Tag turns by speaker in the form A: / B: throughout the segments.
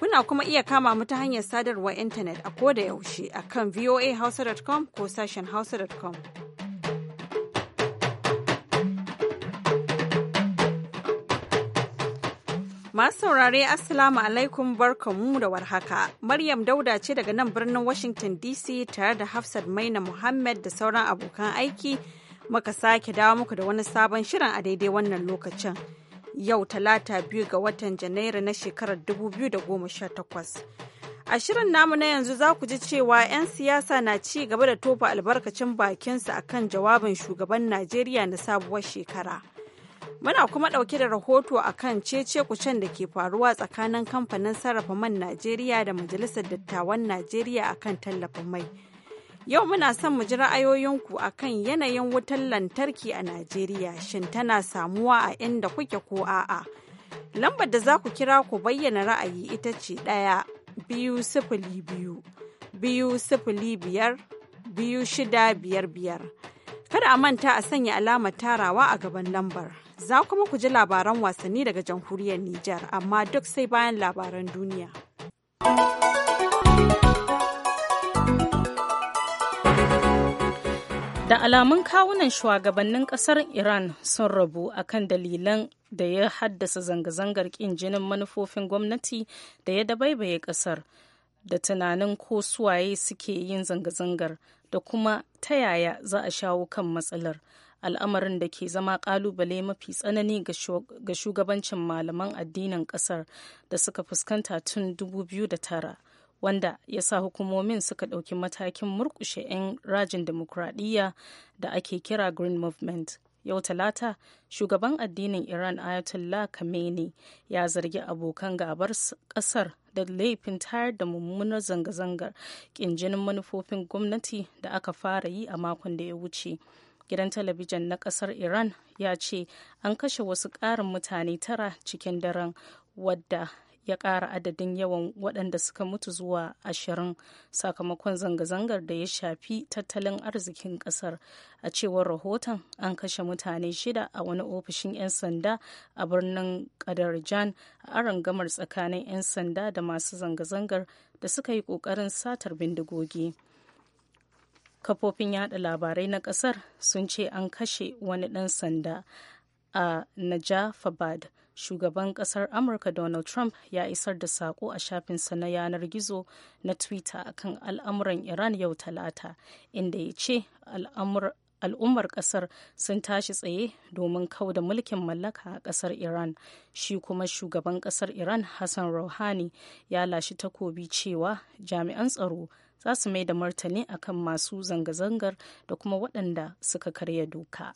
A: Kuna kuma iya kama mu ta hanyar sadarwar intanet a koda yaushe a kan voahausa.com ko sashen hausa.com. Masu saurare Assalamu alaikum mu da warhaka. Maryam Dauda ce daga nan birnin Washington DC tare da Hafsat Maina Muhammad da sauran abokan aiki muka sake dawo muku da wani sabon shirin a daidai wannan lokacin. yau talata biyu ga watan janairu na shekarar 2018 a shirin namu na yanzu za ku ji cewa 'yan siyasa na ci gaba da tofa albarkacin bakinsu akan jawabin shugaban najeriya na sabuwar shekara muna kuma ɗauke da rahoto a kan cece-kucen da ke faruwa tsakanin kamfanin sarrafa man najeriya da majalisar dattawan najeriya akan tallafin mai Yau muna son mu ji ra'ayoyinku a kan yanayin wutar lantarki a Najeriya, shin tana samuwa a inda kuke ko a'a. Lambar da za ku kira ku bayyana ra'ayi ita ce ɗaya biyu sifili biyu, biyu sifili biyar, biyu shida biyar biyar. Kada a manta a sanya alamar tarawa a gaban lambar. Za kuma ku ji labaran wasanni daga jamhuriyar Nijar, amma duk sai bayan labaran duniya.
B: Da alamun kawunan shugabannin kasar Iran sun rabu akan dalilan da ya haddasa zanga-zangar ƙin jinin manufofin gwamnati da ya dabaibaye kasar da tunanin ko suwaye suke yin zanga-zangar da kuma ta yaya za a shawo kan matsalar. al'amarin da ke zama kalubale mafi tsanani ga shugabancin malaman addinin kasar da suka fuskanta tun 2009 wanda ya sa hukumomin suka ɗauki matakin murkushe 'yan rajin demokuraɗiyya da ake kira green movement yau talata shugaban addinin iran ayatollah khamenei ya zargi abokan gabar kasar da laifin tayar da mummunar zanga-zangar ƙinjinin manufofin gwamnati da aka fara yi a makon da ya wuce gidan talabijin na kasar iran ya ce an kashe wasu ƙarin mutane tara cikin daren wadda ya ƙara adadin yawan waɗanda suka mutu zuwa ashirin sakamakon zanga-zangar da ya shafi tattalin arzikin ƙasar a cewar rahoton an kashe mutane shida a wani ofishin 'yan sanda a birnin kadarjan a gamar tsakanin 'yan sanda da masu zanga-zangar da suka yi ƙoƙarin satar bindigogi. kafofin yada labarai na kasar sun ce an kashe wani ɗan sanda a najafabad shugaban kasar amurka donald trump ya isar da sako a shafinsa na yanar gizo na twitter akan al'amuran iran yau talata inda ya ce al'ummar kasar sun tashi tsaye domin kau da mulkin mallaka a kasar iran shi kuma shugaban kasar iran hassan rouhani ya lashi takobi cewa jami'an tsaro za su mai da martani akan masu zanga-zangar da kuma waɗanda suka karya doka.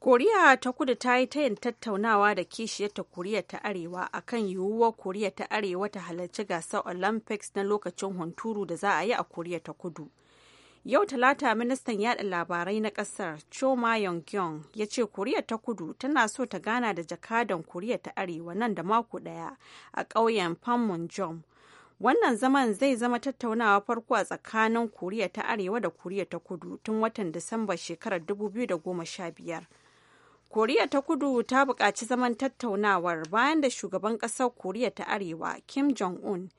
A: koriya ta kudu ta yi tayin tattaunawa da kishiyarta koriya ta arewa a kan yiwuwar koriya ta arewa ta halarci gasar olympics na lokacin hunturu da za a yi a koriya ta kudu yau talata ministan yada labarai na kasar choma yongyong ya ce koriya ta kudu tana so ta gana da jakadan koriya ta arewa nan da mako daya a ƙauyen panmunjom wannan zaman zai zama tattaunawa farko a tsakanin koriya ta arewa da koriya ta kudu tun watan disamba shekarar 2015 koriya ta kudu ta buƙaci zaman tattaunawar bayan da shugaban ƙasar koriya ta arewa kim jong-un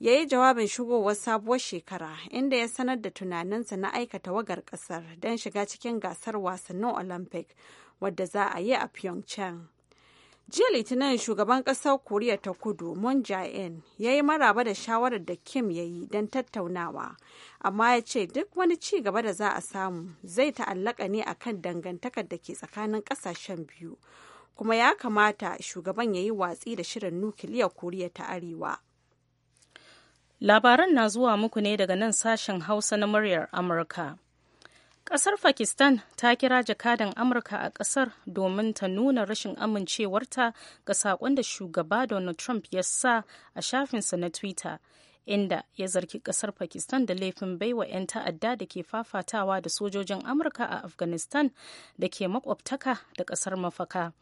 A: ya yi jawabin shigowar sabuwar shekara inda ya sanar da tunaninsa na aikata wagar ƙasar don shiga cikin gasar wasannin olympic wadda za a yi a pyeongchang jiya litinin shugaban kasar koriya ta kudu moon jae-in ya yi maraba da shawarar da kim ya yi don tattaunawa amma ya ce duk wani ci gaba da za a samu zai ta'allaka ne akan dangantakar da ke tsakanin kasashen biyu kuma ya kamata shugaban ya yi watsi da shirin
B: nukiliyar koriya ta arewa labaran na zuwa muku ne daga nan sashen hausa na muryar amurka Ƙasar Pakistan ta kira jakadan Amurka a ƙasar domin ta nuna rashin amincewarta ga saƙon da shugaba Donald Trump ya sa a shafinsa na Twitter, inda ya zargi ƙasar Pakistan da laifin baiwa 'yan ta'adda da ke fafatawa da sojojin Amurka a Afghanistan da ke makwabtaka da ƙasar mafaka.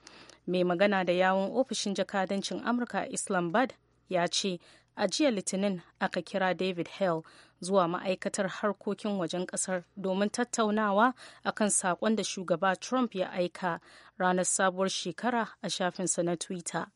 B: Mai magana da yawon ofishin jakadancin Amurka a Islamabad ya ce, a jiya Litinin aka kira David Hale zuwa ma'aikatar harkokin wajen ƙasar domin tattaunawa a kan saƙon da shugaba Trump ya aika ranar sabuwar shekara a shafinsa na Twitter.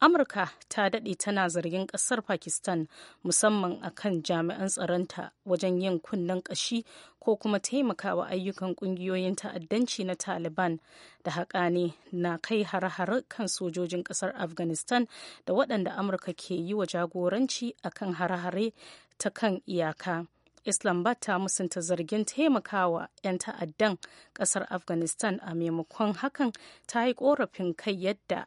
B: amurka ta daɗe tana zargin ƙasar pakistan musamman a kan jami'an tsaronta wajen yin kunnen ƙashi ko kuma taimakawa ayyukan ƙungiyoyin ta'addanci na taliban da haƙani na kai har-har kan sojojin ƙasar afghanistan da waɗanda amurka ke yi wa jagoranci akan har-hare ta kan iyaka islam ta musanta zargin taimakawa 'yan ta'addan ƙasar afghanistan a maimakon hakan ta yi korafin kai yadda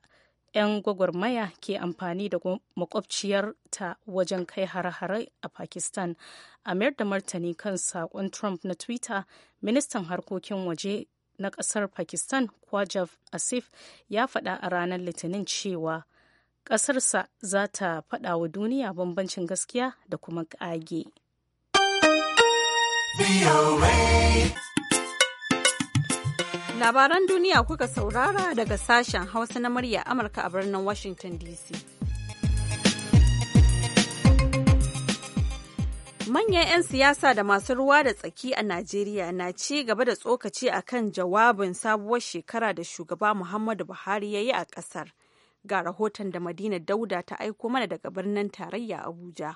B: 'yan gwagwarmaya ke amfani da makwabciyar ta wajen kai hare-hare a pakistan a mayar da martani kan saƙon trump na twitter ministan harkokin waje na ƙasar pakistan kwajaf asif ya faɗa a ranar litinin cewa ƙasarsa za ta faɗa wa duniya bambancin gaskiya da kuma ƙage.
A: Labaran duniya kuka saurara daga sashen Hausa na murya Amurka a birnin Washington DC. Manyan 'yan siyasa da masu ruwa da tsaki a Najeriya na ci gaba da tsokaci a kan jawabin sabuwar shekara da shugaba Muhammadu Buhari ya yi a ƙasar. Ga rahoton da Madina Dauda ta aiko mana daga birnin tarayya Abuja.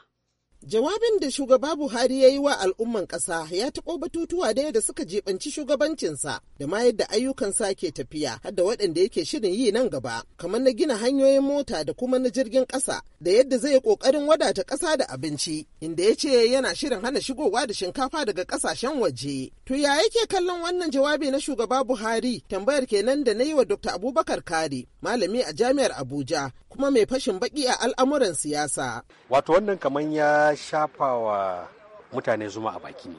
C: Jawabin da shugaba Buhari ya yi wa al'umman ƙasa ya taɓo batutuwa daya da suka jibanci shugabancinsa da ma yadda ayyukansa ke tafiya hadda waɗanda yake shirin yi nan gaba, kamar na gina hanyoyin mota da kuma na jirgin ƙasa da yadda zai ƙoƙarin wadata ƙasa da abinci, inda ya ce yana shirin hana shigowa da shinkafa daga ƙasashen waje. To ya yake kallon wannan jawabi na shugaba Buhari tambayar kenan da na yi wa Dr. Abubakar Kare malami a jami'ar Abuja kuma mai fashin baki a al'amuran siyasa.
D: Wato wannan kamar ya shafa wa mutane zuma a baki ne.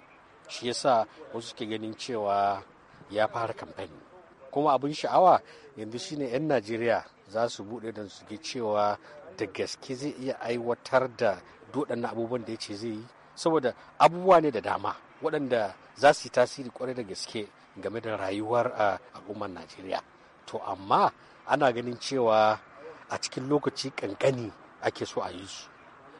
D: Shi yasa wasu suke ganin cewa ya fara kamfani. Kuma abin sha'awa yanzu shine 'yan Najeriya za su buɗe da suke cewa da gaske zai iya aiwatar da doɗannan abubuwan da ya ce zai yi saboda abubuwa ne da dama waɗanda za su yi tasiri kwarai da gaske game da rayuwar al'ummar najeriya to amma ana ganin cewa a cikin lokaci kankani ake so a yi su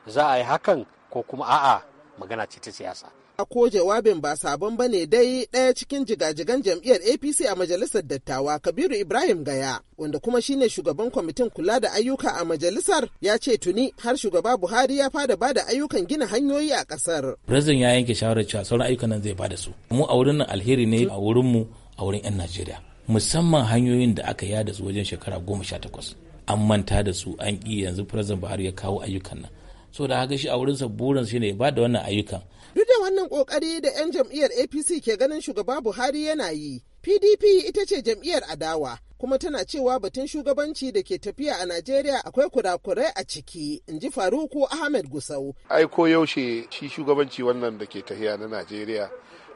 D: za a yi hakan ko kuma a'a magana ce ta siyasa
C: A ko jawabin ba sabon ba ne dai ɗaya cikin jigajigan jam'iyyar APC a majalisar dattawa Kabiru Ibrahim Gaya, wanda kuma shine shugaban kwamitin kula da ayyuka a majalisar ya ce tuni har shugaba Buhari ya fada bada ayyukan gina hanyoyi a ƙasar.
E: President
D: ya yanke shawarar cewa sauran ayyukan nan zai bada su. Mu a wurin nan alheri ne a wurin mu a wurin 'yan Najeriya. Musamman hanyoyin da aka yada su wajen shekara goma sha takwas. An manta da su an ƙi yanzu President Buhari ya kawo ayyukan nan. So da haka shi a wurin wurinsa burin shine ya bada wannan ayyukan. Duk
C: da wannan kokari da 'yan jam'iyyar APC ke ganin shugaba Buhari yana yi, PDP ita ce jam'iyyar adawa kuma tana cewa batun shugabanci da ke tafiya a Najeriya akwai kurakurai a ciki, in ji Faruku Ahmed Gusau.
D: Ai ko yaushe shi shugabanci wannan da ke tafiya na Najeriya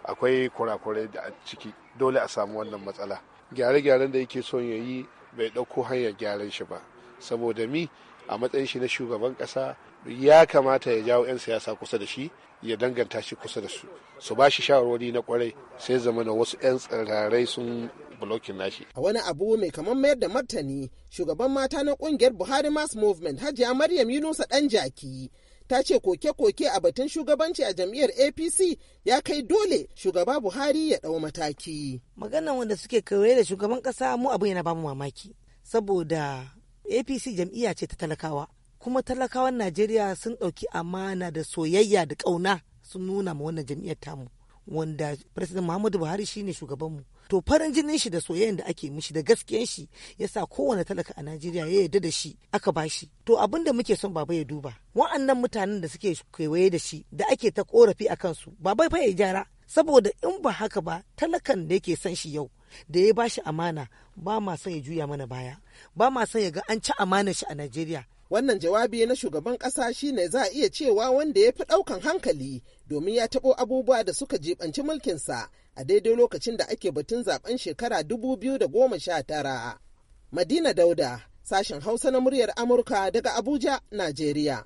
D: akwai kurakurai a ciki dole a samu wannan matsala. Gyare-gyaren da yake son ya yi bai ɗauko hanyar gyaran shi ba, saboda mi a matsayin shi na shugaban ƙasa ya kamata ya jawo 'yan siyasa kusa da shi ya danganta shi kusa da su su ba shi shawarwari na kwarai sai zama na wasu 'yan tsirarai sun blokin nashi.
C: A wani abu mai kamar mayar da martani shugaban mata na kungiyar Buhari Mass Movement Hajiya Maryam Yunusa dan jaki ta ce koke-koke a batun shugabanci a jam'iyyar apc ya kai dole shugaba buhari ya ɗau mataki maganan wanda suke kawai da shugaban kasa mu abu yana bamu mamaki saboda apc jam'iyya ce ta talakawa kuma talakawan najeriya sun ɗauki amana da soyayya da ƙauna sun nuna ma wannan jam'iyyar tamu wanda president muhammadu buhari shine shugabanmu to farin jinin shi da soyayya da ake mishi da gaskiyan shi yasa kowane talaka a Najeriya ya yarda da shi aka bashi to abin da muke son baba ya duba wa'annan mutanen da suke kewaye da shi da ake ta korafi a kansu baba fa ya gyara saboda in ba haka ba talakan da yake son shi yau da ya bashi amana ba ma son ya juya mana baya ba ma son ya ga an ci amanar shi a Najeriya Wannan jawabi na shugaban ƙasa shine za a iya cewa wanda ya fi ɗaukan hankali domin ya taɓo abubuwa da suka jibanci mulkinsa a daidai lokacin da ake batun zaben shekara 2019. Madina Dauda, sashen Hausa na muryar Amurka daga Abuja, Najeriya.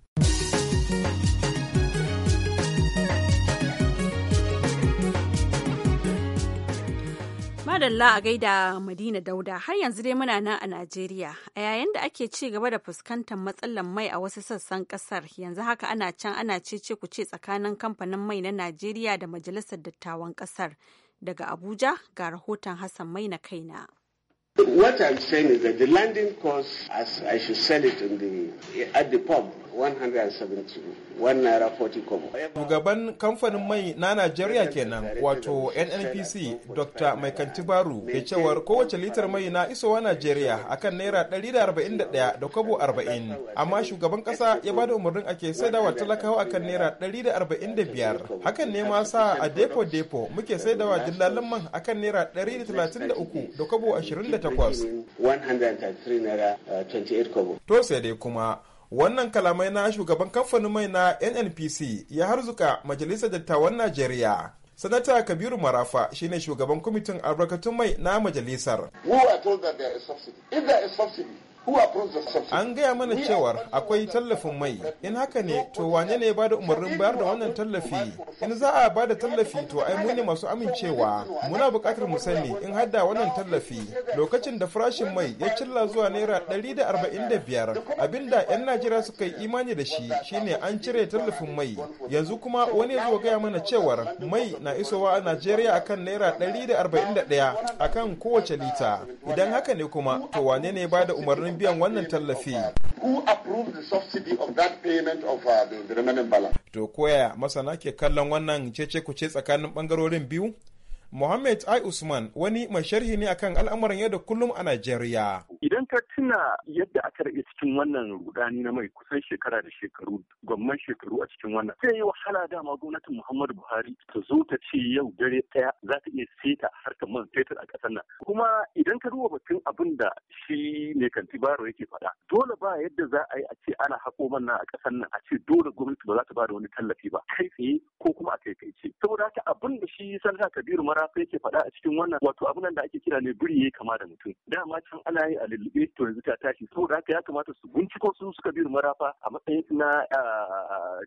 A: Madalla a gaida Madina Dauda har yanzu dai muna nan a Najeriya a yayin da ake ci gaba da fuskantar matsalar mai a wasu sassan kasar yanzu haka ana can ana cece ku ce tsakanin kamfanin mai na Najeriya da Majalisar Dattawan kasar daga Abuja ga rahoton Hassan Mai na kaina.
D: What I'm saying is that the landing cost, as I should sell it in the, at the pub, 171 naira 40 kobo.
F: Shugaban kamfanin mai na Najeriya kenan wato NNPC Dr. Mai Kantibaru ke cewar kowace litar mai na isowa Najeriya akan naira 141 da kobo 40 amma shugaban kasa ya ba da umarnin ake saidawa talakawa akan naira 145 hakan ne ma sa a depo depo muke saidawa dillalin man akan naira 133 da kobo 29 138 uh, to sai dai kuma wannan kalamai na shugaban kamfanin mai na nnpc ya harzuka majalisar dattawan najeriya sanata kabiru marafa shine shugaban kwamitin albarkatun mai na majalisar An gaya mana cewar akwai tallafin mai, in haka ne to wane ne ba da umarnin bayar da wannan tallafi? In za a ba da tallafi to ai muni masu amincewa, muna bukatar mu sani in hadda wannan tallafi. Lokacin da farashin mai ya cilla zuwa naira ɗari da arba'in da biyar, abinda 'yan Najeriya suka yi imani da shi shine an cire tallafin mai. Yanzu kuma wani zuwa gaya mana cewar mai na isowa a Najeriya akan naira ɗari da ɗaya akan kowace lita. Idan haka ne kuma to wane ne ba da umarnin biyan wannan tallafi. Uh, to koya masana ke kallon wannan cece kuce tsakanin bangarorin biyu? Mohammed Ai Usman wani mai sharhi ne akan al'amuran yau da kullum a Najeriya. Idan ka tuna yadda aka rage cikin wannan rudani na mai kusan shekara da shekaru gwamman shekaru a cikin wannan zai yi wahala dama gwamnatin Muhammadu
G: Buhari ta zo ta ce yau dare ɗaya za ta iya seta harkar man fetur a ƙasar nan. Kuma idan ka duba batun abin da shi ne kanti baro yake faɗa dole ba yadda za a yi a ce ana haƙo man a ƙasar nan a ce dole gwamnati ba za ta ba da wani tallafi ba kai tsaye ko kuma a kai kai ce. Saboda haka abin da shi Sanata Kabiru Mara haka yake faɗa a cikin wannan wato abin da ake kira ne biri yi kama da mutum dama can ana yi a lullube to yanzu ta tashi saboda haka ya kamata su binciko su suka biyu marafa a matsayin na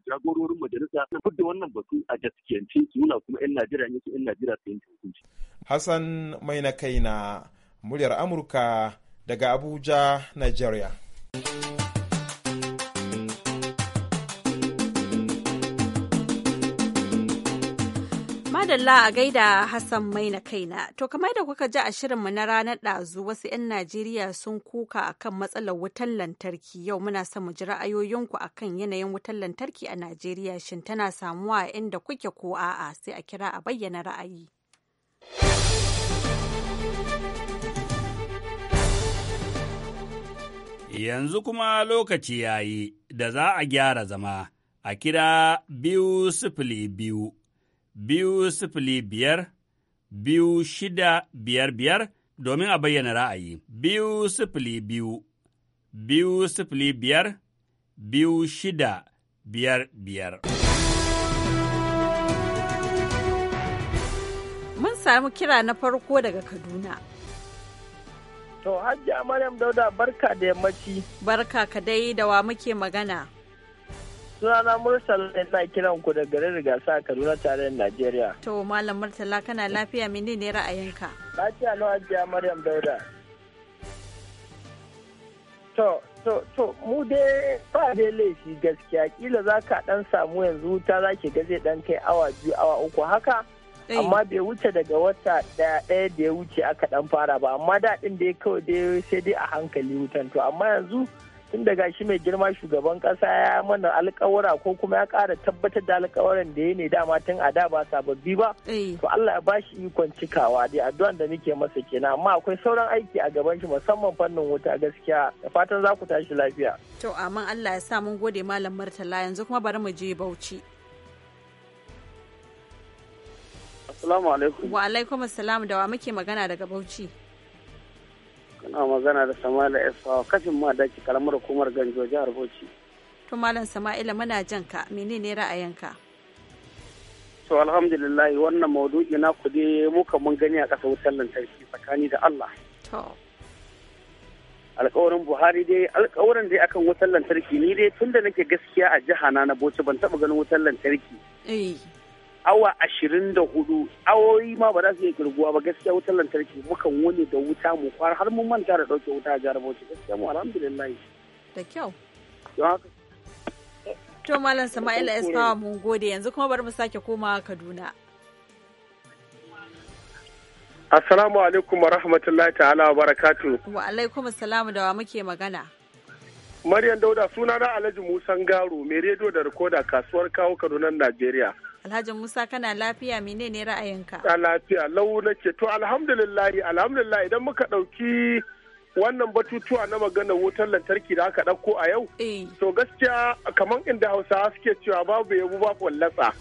G: jagororin majalisa na da wannan batu a gaskiyance su nuna kuma yan Najeriya ne su yan Najeriya su yanke hukunci.
F: Hassan mai na kai na muryar Amurka daga Abuja, Nigeria.
A: Alhamdulillah a gaida Hassan mai na kaina. To kamar da kuka ji a shirinmu na ranar ɗazu wasu 'yan Najeriya sun kuka akan matsalar wutar lantarki yau muna son mu ji ra'ayoyinku akan yanayin wutar lantarki a Najeriya shin tana samuwa inda kuke ko a'a sai a kira a bayyana ra'ayi.
D: Yanzu kuma lokaci yayi da za a gyara zama a kira biyu sifili biyu. biyu sifili biyar biyu shida biyar biyar domin a bayyana ra'ayi biyu sifili biyu biyu sifili biyar biyu shida biyar biyar.
A: Mun samu kira na farko daga Kaduna. To, Hajiya Maryam Dauda barka da yammaci. Barka ka dai da wa muke magana.
G: sunana murtala na kiran ku da garin rigasa a kaduna tarayyar
E: najeriya
A: to malam murtala kana lafiya mini ne ra'ayinka lafiya na hajiya maryam
G: dauda to to to mu dai ba dai laifi gaskiya kila za ka dan samu yanzu wuta za ki ga zai dan kai awa biyu awa uku haka eh. amma bai wuce daga wata daya daya da ya wuce aka dan fara ba amma daɗin da ya kawai dai sai dai a hankali wutan to amma yanzu tun daga shi mai girma shugaban kasa ya mana alkawara ko kuma ya kara tabbatar da alkawaran da ya ne dama tun a da ba sababbi ba eh. to Allah ya bashi ikon cikawa dai addu'an da nake masa kenan amma akwai sauran aiki a gaban shi musamman fannin wuta gaskiya da fatan za ku tashi lafiya
A: to amma Allah ya sa mun gode malam Murtala yanzu kuma bari mu je Bauchi Assalamu alaikum. Wa alaikum assalam da wa muke magana daga Bauchi.
D: Suna magana da Sama'ila Esfawa kafin ma daki hukumar Ganjo jihar Bauchi.
A: To Malam Sama'ila muna jan ka menene ra'ayinka?
D: To alhamdulillah wannan maudu'i na ku dai muka mun gani a kasa wutar lantarki tsakani da Allah. To. alkawarin buhari dai alkawarin dai akan wutar lantarki ni dai tunda nake gaskiya a jiha na na bauchi ban taɓa ganin wutar lantarki eh. awa ashirin da hudu awoyi ma ba za su iya kirguwa ba gaskiya wutar lantarki mukan wani da wuta mu kwara har mun manta da ɗauke wuta a jarabar bauchi gaskiya mu alhamdulillah
A: da kyau to malam sama'ila isfawa mun gode yanzu kuma bari mu sake komawa kaduna
G: assalamu alaikum wa rahmatullahi ta'ala wa barakatu
A: wa alaikum assalamu da wa muke magana
G: Maryam Dauda suna na Alhaji Musan Garo mai rediyo da rikoda kasuwar kawo Kaduna Najeriya.
A: Alhaji Musa kana lafiya menene ra'ayinka? A
G: lafiya lau nake to alhamdulillah alhamdulillah idan muka ɗauki wannan batutuwa na magana wutar lantarki da aka ɗauko a yau. Eh. To gaskiya kamar inda Hausawa suke cewa babu yabu babu wallatsa.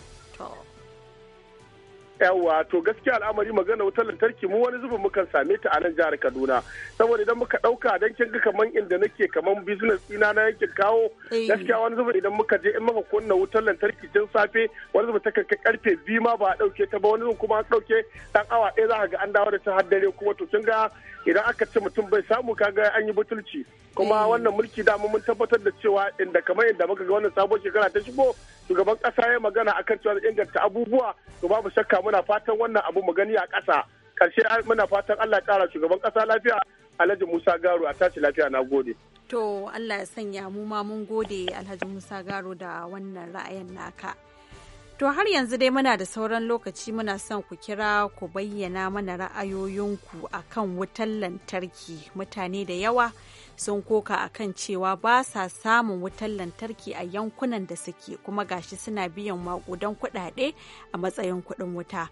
G: yawa to gaskiya al'amari magana wutar lantarki mu wani zubin mukan same ta a nan jihar kaduna saboda idan muka dauka dan kin ga kaman inda nake kaman business ina na yankin kawo eh. gaskiya wani zubin idan muka je in muka kunna wutar lantarki tun safe wani zubin ta kai karfe biyu ma ba a dauke ta ba wani zubin kuma an dauke dan awa ɗaya za ka ga an dawo da ta har dare kuma to kin ga idan aka ce mutum bai samu kaga an yi butulci kuma eh. wannan mulki da mun tabbatar da cewa inda kamar inda muka ga wannan sabon shekara ta shigo shugaban kasa ya magana akan cewa inganta abubuwa to babu shakka muna fatan wannan abu mu gani a ƙasa karshe muna fatan Allah ya kara shugaban ƙasa lafiya Alhaji Musa Garo a tashi lafiya na gode.
A: To Allah ya sanya mu ma mun gode Alhaji Musa Garo da wannan ra'ayin naka. To har yanzu dai muna da sauran lokaci muna son ku kira ku bayyana mana ra'ayoyinku akan wutar lantarki mutane da yawa. sun koka a kan cewa ba sa samun wutar lantarki a yankunan da suke kuma gashi suna biyan makudan kuɗaɗe a matsayin kuɗin wuta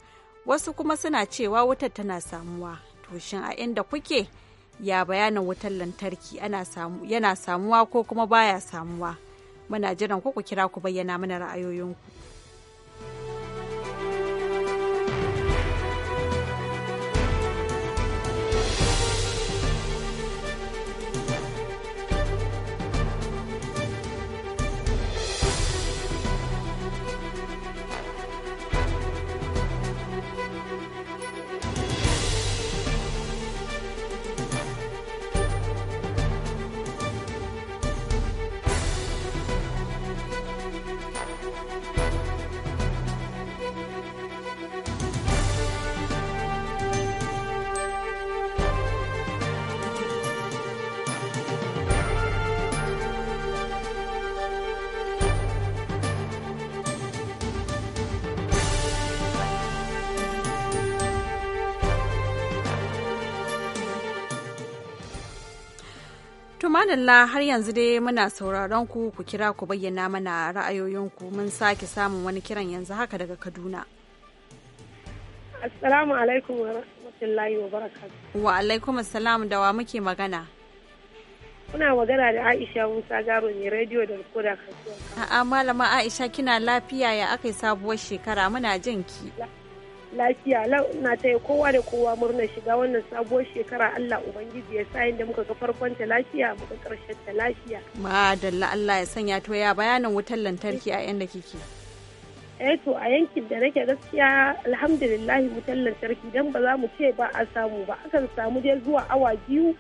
A: wasu kuma suna cewa wutar tana samuwa to a inda kuke ya bayanin wutar lantarki yana samuwa ko kuma baya samuwa muna jiran ku ku kira ku bayyana mana ra'ayoyinku madalla har yanzu dai muna sauraron ku ku kira ku bayyana mana ra'ayoyinku mun sake samun wani kiran yanzu haka daga Kaduna.
E: Assalamu alaikum wa rahmatullahi wa barakatuh.
A: Wa alaikum assalam da wa muke magana.
E: Kuna magana da Aisha Musa Garo ne radio da koda kasuwa.
A: A'a malama Aisha kina lafiya ya akai sabuwar shekara muna jin ki.
E: lafiya na ta taya kowa da kowa murnar shiga wannan sabuwar shekara Allah Ubangiji ya sa da muka ga farkon ta lafiya muka karshen ta lafiya.
A: Madalla Allah ya sanya to ya bayanin wutar lantarki a yanda kike.
E: Eh to a yankin da nake gaskiya alhamdulillahi wutar lantarki dan ba za mu ce ba a samu ba akan samu dai zuwa awa biyu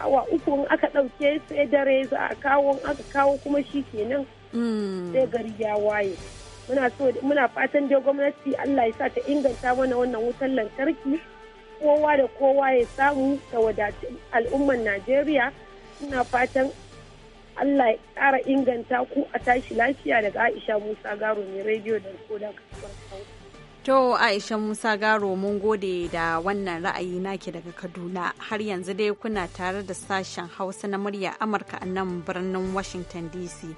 E: awa uku in aka ɗauke sai dare za a kawo aka kawo kuma shi kenan mm. sai gari ya waye. muna fatan dai gwamnati Allah ya sa ta inganta mana wannan wutar lantarki kowa da kowa ya samu ta wadace al'umman Najeriya suna fatan Allah ya kara inganta ku a tashi lafiya daga Aisha Musa Garo mai rediyo da kodan kasuwar
A: To Aisha Musa Garo mun gode da wannan ra'ayi naki daga Kaduna har yanzu dai kuna tare da sashen Hausa na murya Amurka a nan birnin Washington DC.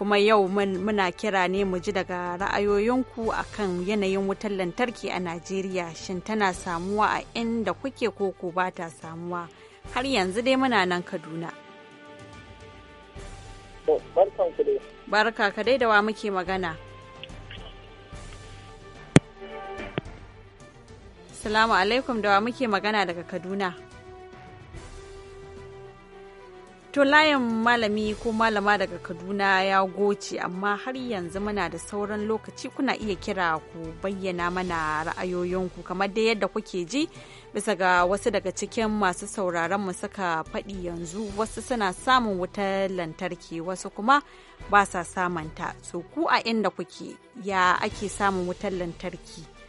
A: kuma yau muna kira ne mu ji daga ra'ayoyinku akan yanayin wutar lantarki a najeriya shin tana samuwa a inda kuke koko ba ta samuwa har yanzu dai muna nan kaduna barka ka dai da muke magana salamu alaikum da wa muke magana daga kaduna To layin malami ko malama daga Kaduna ya goce amma har yanzu muna da sauran lokaci kuna iya kira ku bayyana mana ra'ayoyinku kamar dai yadda kuke ji bisa ga wasu daga cikin masu sauraron mu suka faɗi yanzu wasu suna samun wutar lantarki wasu kuma ba sa samunta so ku a inda kuke ya ake samun wutar lantarki.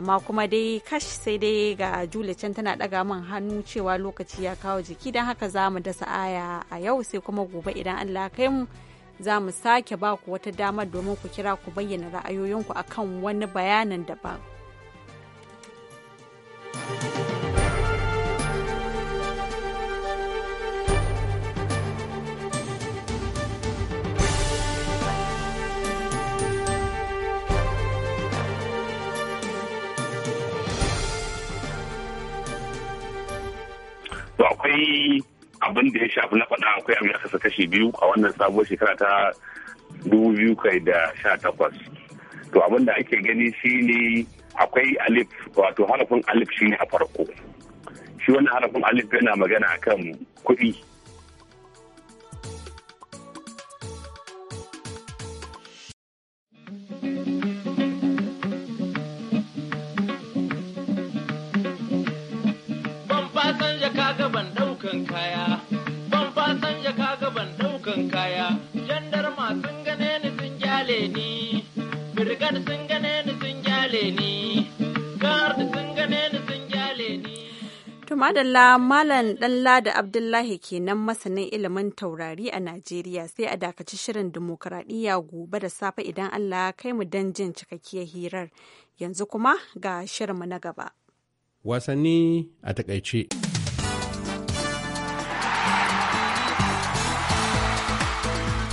A: amma kuma dai kash sai dai ga jule can tana daga min hannu cewa lokaci ya kawo jiki don haka za mu dasa aya a yau sai kuma gobe idan allah kai mu za mu sake ba ku wata damar domin ku kira ku bayyana ra'ayoyinku akan wani bayanin
B: daban.
G: to akwai abin da ya shafi na faɗa akwai abin kasa kashi biyu a wannan sabuwar shekara ta dubu biyu kai da sha takwas to abin da ake gani shine akwai alif wato harafin alif shine a farko shi wannan harafin alif yana magana akan kuɗi
D: daukan kaya ban fasan ya kaga ban daukan kaya
E: ma sun gane ni sun gyale ni birgar sun gane ni sun gyale ni guard sun gane ni sun gyale ni
A: to madalla malam dan lada abdullahi kenan masanin ilimin taurari a najeriya sai a dakaci shirin dimokuraɗiyya gobe da safe idan allah kai mu dan jin cikakkiyar hirar yanzu kuma ga shirinmu na gaba
F: wasanni a takaice.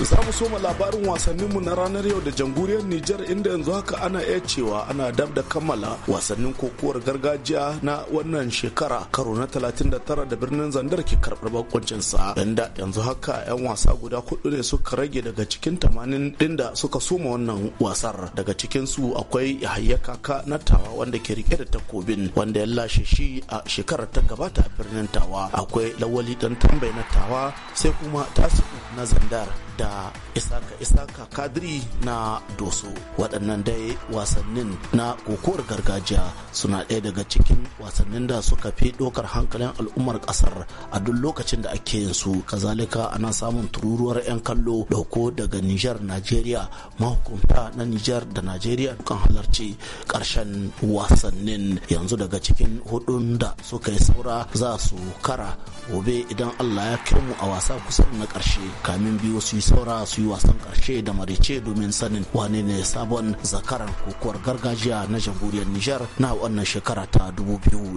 F: za
D: soma labarin wasanninmu na ranar yau da jamhuriyar Nijar inda yanzu haka ana iya cewa ana dab da kammala wasannin kokowar gargajiya na wannan shekara karo na 39 da birnin Zandar ke karbar bakuncin sa inda yanzu haka 'yan wasa guda kudu ne suka rage daga cikin tamanin din da suka soma wannan wasar daga cikin su akwai Yahaya Kaka na Tawa wanda ke rike da takobin wanda ya lashe shi a shekarar ta gabata a birnin Tawa akwai Lawali dan tambayi na Tawa sai kuma Tasiu na Zandar da isaka isaka kadri na doso waɗannan dai wasannin na kokowar gargajiya suna ɗaya daga cikin wasannin da suka fi ɗaukar hankalin al'ummar ƙasar a duk lokacin da ake yin su kazalika ana samun tururuwar 'yan kallo dauko daga nijar najeriya mahukunta na nijar da najeriya kan halarci ƙarshen wasannin yanzu daga cikin hudun da suka yi saura za su kara gobe idan allah ya kai mu a wasa kusan na ƙarshe kamin biyu su yi saura su yi wasan karshe da marice domin sanin wane ne sabon zakarar kokowar gargajiya na jamhuriyar Nijar na wannan shekara ta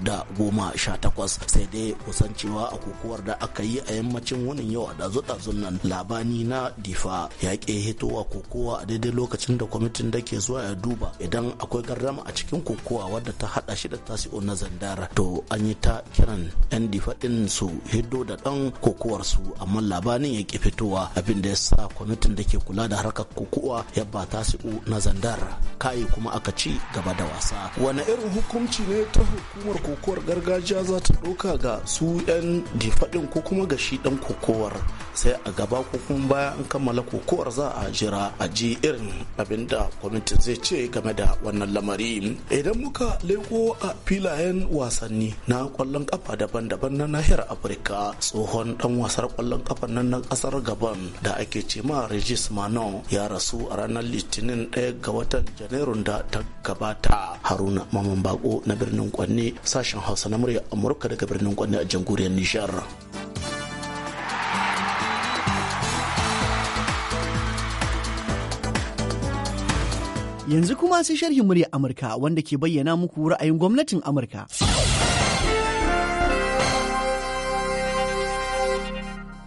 D: da goma sha takwas sai dai kusan cewa a kokowar da aka yi a yammacin wani yau a dazu-dazun nan labani na difa ya ke hitowa kokowa a daidai lokacin da kwamitin da ke zuwa ya duba idan akwai gardama a cikin kokowa wadda ta hada shi da tasio na zandara to an yi ta kiran yan difa din su hiddo da dan kokowar su amma labanin ya ke fitowa abin da ya Sa kwamitin da ke kula da harkar kokowa ya ba ta na zandar kai kuma aka ci gaba da wasa wani irin hukunci ne ta hukumar kokowar gargajiya za ta ɗauka ga su 'yan difaɗin ko kuma ga shi ɗan kokowar sai a gaba ko baya an kammala kokowar za a jira a ji irin abin da kwamitin zai ce game da wannan lamari idan muka leko a filayen wasanni na kwallon kafa daban-daban na nahiyar afirka tsohon dan wasar kwallon kafa nan na kasar gaban da ake ke ce ma Regis Manon ya rasu a ranar Litinin ɗaya ga watan Janairun da ta gabata. Haruna Maman Bako na birnin Kwanne sashen Hausa na murya Amurka daga birnin Kwanne a jamhuriyar Nijar.
H: Yanzu kuma sai sharhin murya Amurka wanda ke bayyana muku ra'ayin gwamnatin Amurka.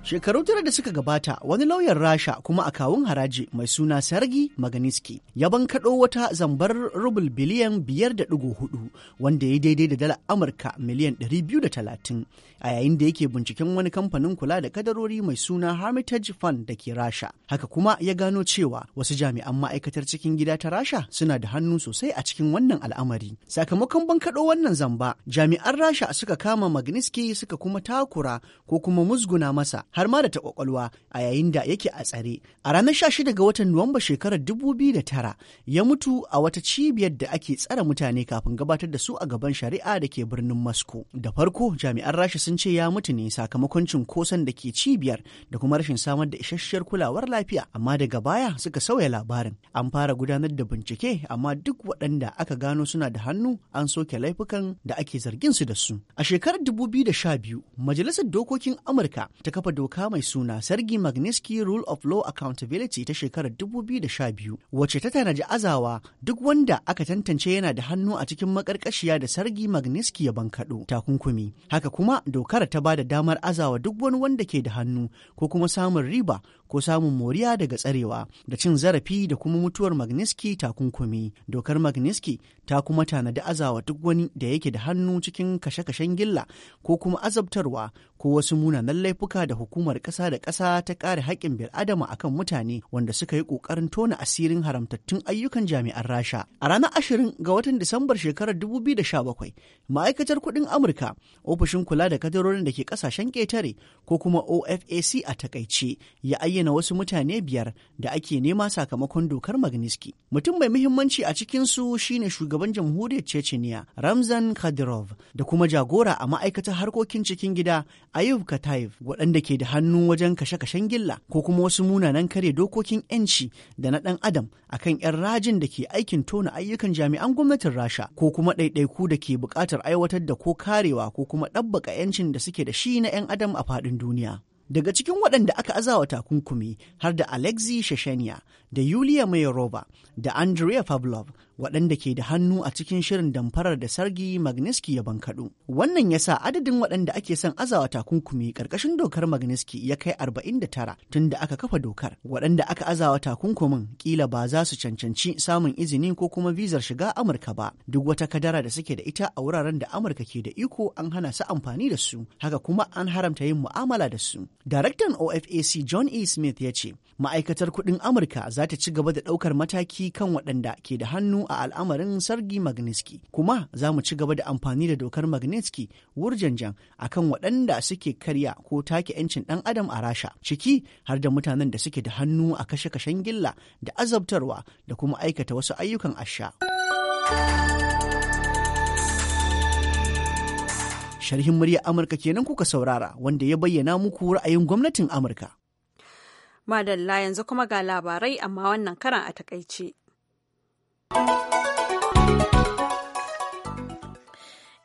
H: Shekaru tara da suka gabata wani lauyan Rasha kuma a kawun haraji mai suna Sergi Maganiski ya bankaɗo wata zambar rubul biliyan biyar da ɗigo hudu wanda ya daidai da dala Amurka miliyan ɗari biyu da talatin a yayin da yake binciken wani kamfanin kula da kadarori mai suna Hermitage Fund da ke Rasha. Haka kuma ya gano cewa wasu jami'an ma'aikatar cikin gida ta Rasha suna da hannu sosai a cikin wannan al'amari. Sakamakon bankaɗo wannan zamba jami'an Rasha suka kama Maganiski suka kuma takura ko kuma musguna masa har ma da ta kwakwalwa a yayin da yake a tsare. A ranar 16 ga watan Nuwamba shekarar 2009 ya mutu a wata cibiyar da ake tsare mutane kafin gabatar da su a gaban shari'a da ke birnin Moscow. Da farko jami'an Rasha sun ce ya mutu ne sakamakon cunkoson da ke cibiyar da kuma rashin samar da isasshiyar kulawar lafiya amma daga baya suka sauya labarin. An fara gudanar da bincike amma duk waɗanda aka gano suna da hannu an soke laifukan da ake zargin su da su. A shekarar 2012 Majalisar Dokokin Amurka ta kafa doka mai suna Sergi Magnitsky Rule of Law Accountability ta shekarar 2012 wacce ta tanaji azawa duk wanda aka tantance yana da hannu a cikin makarkashiya da Sergi Magnitsky ya bankaɗo takunkumi. Haka kuma dokar ta ba da damar azawa duk wani wanda ke da hannu ko kuma samun riba ko samun moriya daga tsarewa da cin zarafi da kuma mutuwar Magnitsky takunkumi. Dokar Magnitsky ta kuma tanadi azawa duk wani da yake da hannu cikin kashe-kashen gilla ko kuma azabtarwa ko wasu munanan laifuka da hukumar ƙasa da ƙasa ta kare haƙƙin bil adama akan mutane wanda suka yi ƙoƙarin tona asirin haramtattun ayyukan jami'an Rasha. A ranar ashirin, ga watan Disambar shekarar 2017, ma'aikatar kuɗin Amurka, ofishin kula da kadarorin da ke ƙasashen ƙetare ko kuma OFAC a takaice, ya ayyana wasu mutane biyar da ake nema sakamakon dokar magniski Mutum mai muhimmanci a cikinsu shine shugaban jamhuriyar checeniya Ramzan kadirov da kuma jagora a ma'aikatar harkokin cikin gida Ayub kataif waɗanda ke da hannu wajen kashe-kashen gilla ko kuma wasu munanan kare dokokin 'yanci da na ɗan adam akan 'yan rajin da ke aikin tona ayyukan jami'an gwamnatin Rasha ko kuma ɗaiɗaiku da ke buƙatar aiwatar da ko karewa ko kuma ɗabbaka 'yancin da suke da shi na 'yan adam a faɗin duniya. Daga cikin waɗanda aka azawa takunkumi har da Alexei Sheshenia da Yulia mayoroba da Andrea Pavlov waɗanda ke da hannu a cikin shirin damfarar da sargi magniski ya bankaɗo. Wannan ya sa adadin waɗanda ake son azawa takunkumi ƙarƙashin dokar magniski ya kai 49 tun da aka kafa dokar. Waɗanda aka azawa takunkumin ƙila ba za su cancanci samun izini ko kuma vizar shiga Amurka ba. Duk wata kadara da suke da ita a wuraren da Amurka ke da iko an hana su amfani da su, haka kuma an haramta yin mu'amala da su. Daraktan OFAC John E. Smith ya ce, ma'aikatar kuɗin Amurka za ta ci gaba da ɗaukar mataki kan waɗanda ke da hannu a al'amarin sargi magnitsky kuma za mu ci gaba da amfani da dokar magnitsky wurjanjan kan waɗanda suke karya ko take 'yancin ɗan adam a rasha ciki har da mutanen da suke da hannu a kashe-kashen gilla da azabtarwa da kuma aikata wasu ayyukan asha. sharhin murya Amurka kenan kuka saurara wanda ya bayyana muku ra'ayin gwamnatin Amurka.
A: Madalla yanzu kuma ga
B: labarai amma wannan karan a takaice.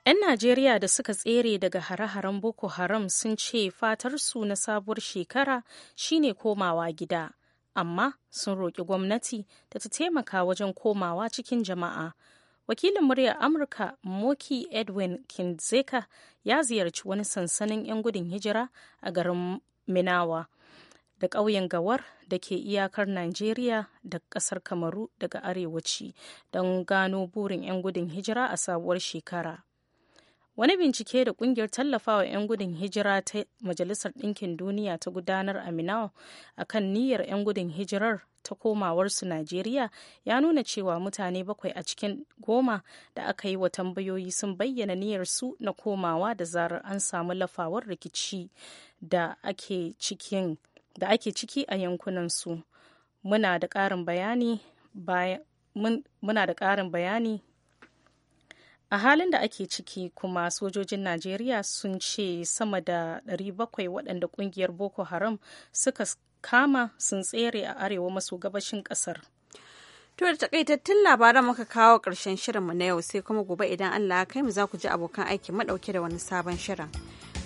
B: 'Yan Najeriya da suka tsere daga hare-haren Boko Haram sun ce fatarsu na sabuwar shekara shine komawa gida, amma sun roƙi gwamnati da ta taimaka wajen komawa cikin jama'a. Wakilin muryar Amurka Moki Edwin Kindzeka ya ziyarci wani sansanin 'yan gudun hijira a garin Minawa da ƙauyen gawar da ke iyakar najeriya da ƙasar kamaru daga arewaci don gano burin 'yan gudun hijira a sabuwar shekara wani bincike da ƙungiyar tallafawa 'yan gudun hijira ta majalisar ɗinkin duniya ta gudanar a minau a kan niyyar 'yan gudun hijirar ta komawarsu najeriya ya nuna cewa mutane bakwai a cikin goma da aka yi wa tambayoyi sun bayyana niyyarsu na komawa da zarar an samu lafawar rikici da ake cikin da ake ciki a yankunansu muna da ƙarin bayani muna da ƙarin bayani a halin da ake ciki kuma sojojin najeriya sun ce sama da 700 waɗanda ƙungiyar boko haram suka kama sun tsere a arewa maso gabashin ƙasar
A: To da takaitattun labaran muka kawo ƙarshen mu na yau sai kuma gobe idan Allah ya kai mu za ku ji abokan aiki madauke da wani sabon shirin.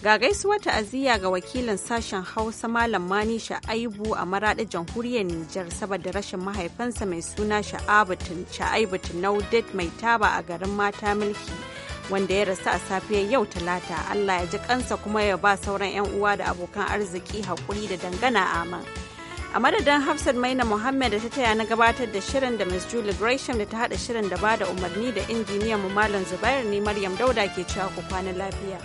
A: Ga gaisuwar ta'aziyya ga wakilin sashen Hausa Malam Mani Sha'aibu a maradin jamhuriyar Nijar saboda rashin mahaifansa mai suna Sha'aibu Tunaudet mai taba a garin mata mulki wanda ya rasu a safiyar yau talata Allah ya ji kansa kuma ya ba sauran 'yan uwa da abokan arziki haƙuri da dangana aman. a madadin hafsat maina muhammad da ta taya na gabatar da shirin da miss julie gresham da ta hada shirin da bada umarni da injiniyan mu malam Zubairu ne maryam dauda ke cewa ku kwana lafiya